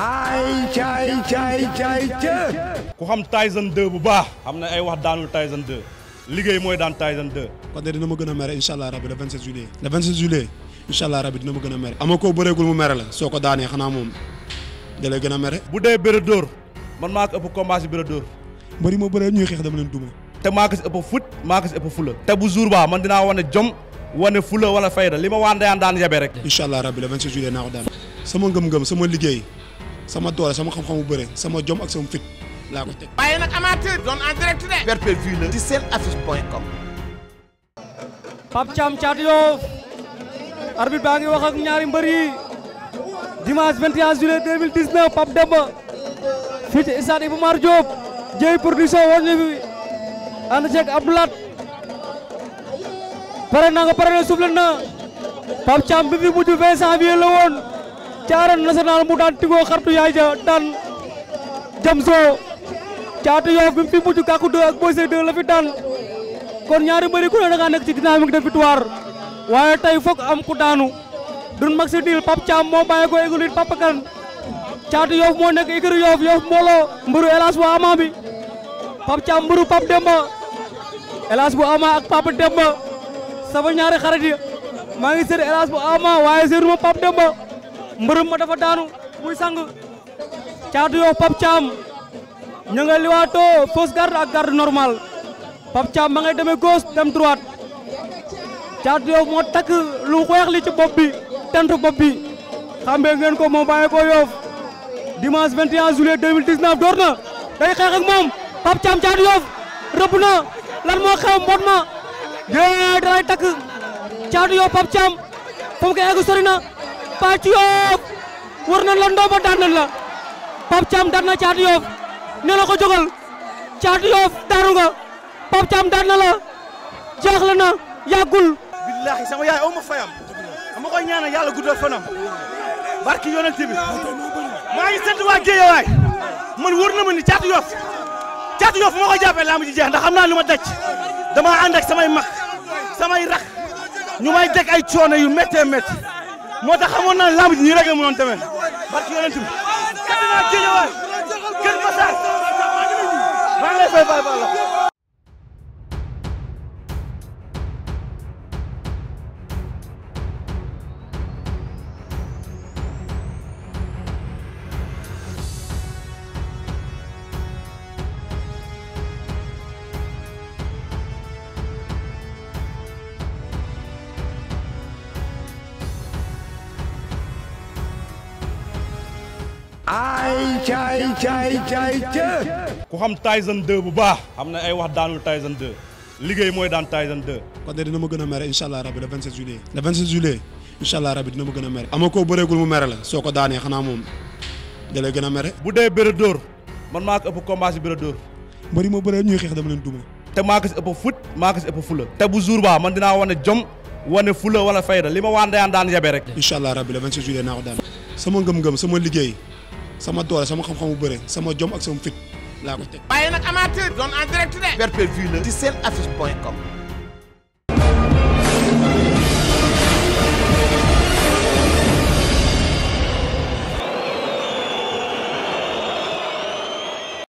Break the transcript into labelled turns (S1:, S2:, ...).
S1: ay
S2: caay caay caay caay
S1: ku xam Tyson 2 bu baax xam na ay wax daanul Tyson 2 liggéey mooy daan Tyson 2 kon de dina ma gën a mere incha allah rabi le 27 juillet le 27 juillet incha allah rabi dina ma gën a mere ama koo bëreegul mu mere la soo ko daanee xanaa moom da lay gën a mere bu dee bëre man maa ko ëpp combat si bëre dóor mbëri ma bëree ñuy xeex dama leen duma te maa ko si ëpp fut maa ko fula te bu jour ba man dinaa wane jom wane fula wala fayda li ma waan dayaan daan yebe rek incha allah rabi le 27 juillet sama ngëm-ngëm sama liggéey sama doole sama xam-xamu sama jom ak sama en direct de. perpétue
S2: la ci seen affiche point baa ngi wax ak ñaari mbër yi dimanche 21 juillet 2019 Pape Demba fii ci stade Iba production woon ñu fi ànd ceeg pare na nga pare na suuf na Pape Thiam bi fi mujj la woon. ci arène nationale mu daan tigoo xartu yaay ja daan jam soo caatu yoof bi mu fi mujj kàkku ak Boy Seye deux la fi daan kon ñaari mbëri ku ne da nekk ci dynamique de victoire waaye tey foog am ku daanu dun mag si dil moo bàyyi ko école it Pape Kane yoof moo nekk école yoof yoof mbooloo mbëru hélas bu ama bi Pape Thiam mbëru Pape Demba hélas bu ama ak Pape Demba sama ñaari xarit yi maa ngi seet hélas bu ama waaye seetuma Pape Demba mbërëm ma dafa daanu muy sang caatu yow Pape Thiam ña nga liwaatoo fausse garde ak garde normal Pape Thiam ma ngay demee gauche dem droite caatu moo takk lu xeex li ci bopp bi tent bopp bi xambe ngeen ko moom bàyyi ko Yoff dimanche 21 juillet 2019 door na day xeex moom Pape Thiam caatu rëbb na lan moo xew mbot ma gée dalay takk caatu yow Pape Thiam fu sori na Pathé Yoff war nañ la ndomba daan la Pape Thiam daan na Thiatou Yoff nee na ko jógal Thiatou Yoff daanu nga Pape Thiam daan na la jaaxle na yàggul. billahi sama yaay aw ma fayam ama koy ñaanal yàlla guddal fanam barki yonent bi maa ngi sant waa ma man wër na ma ni Thiatou Yoff Thiatou Yoff moo ko jàppee laa mu ji naa lu ma daj dama ànd ak samay mag samay rax ñu may deg ay coono yu méttee métti moo tax xamoon naa lamb ji nii rek la mënoon demee barki yonent bi kàddu naa jëjëwaay kër Massar maa ngi lay fay baay baay la ay
S1: caay caay caay ca ku xam Tyson 2 bu baax xam na ay wax daanul Tyson 2 liggéey mooy daan Tyson 2 kon de dina ma gën a mere incha allah rabi le 27 juillet le 27 juillet incha allah rabi dina ma gën a mere ama koo bëreegul mu mere la soo ko daanee xanaa moom da gëna mere bu dee bëre dóor man maa ko ëpp combat si bëre dóor mbëri ma bëree ñuy xeex dama leen duma te maa ko si ëpp fut maa si ëpp fula te bu jour baa man dinaa wane jom wane fula wala fayda li ma waan dayaan daan yabe rek allah rabi le 27 juillet naa ko sama ngëm sama liggéey sama doole sama xam-xamu bëre sama jom ak sama fit laa ko teg. waaye nag amateur doon en direct de. perpétué la ci seen affiche point com.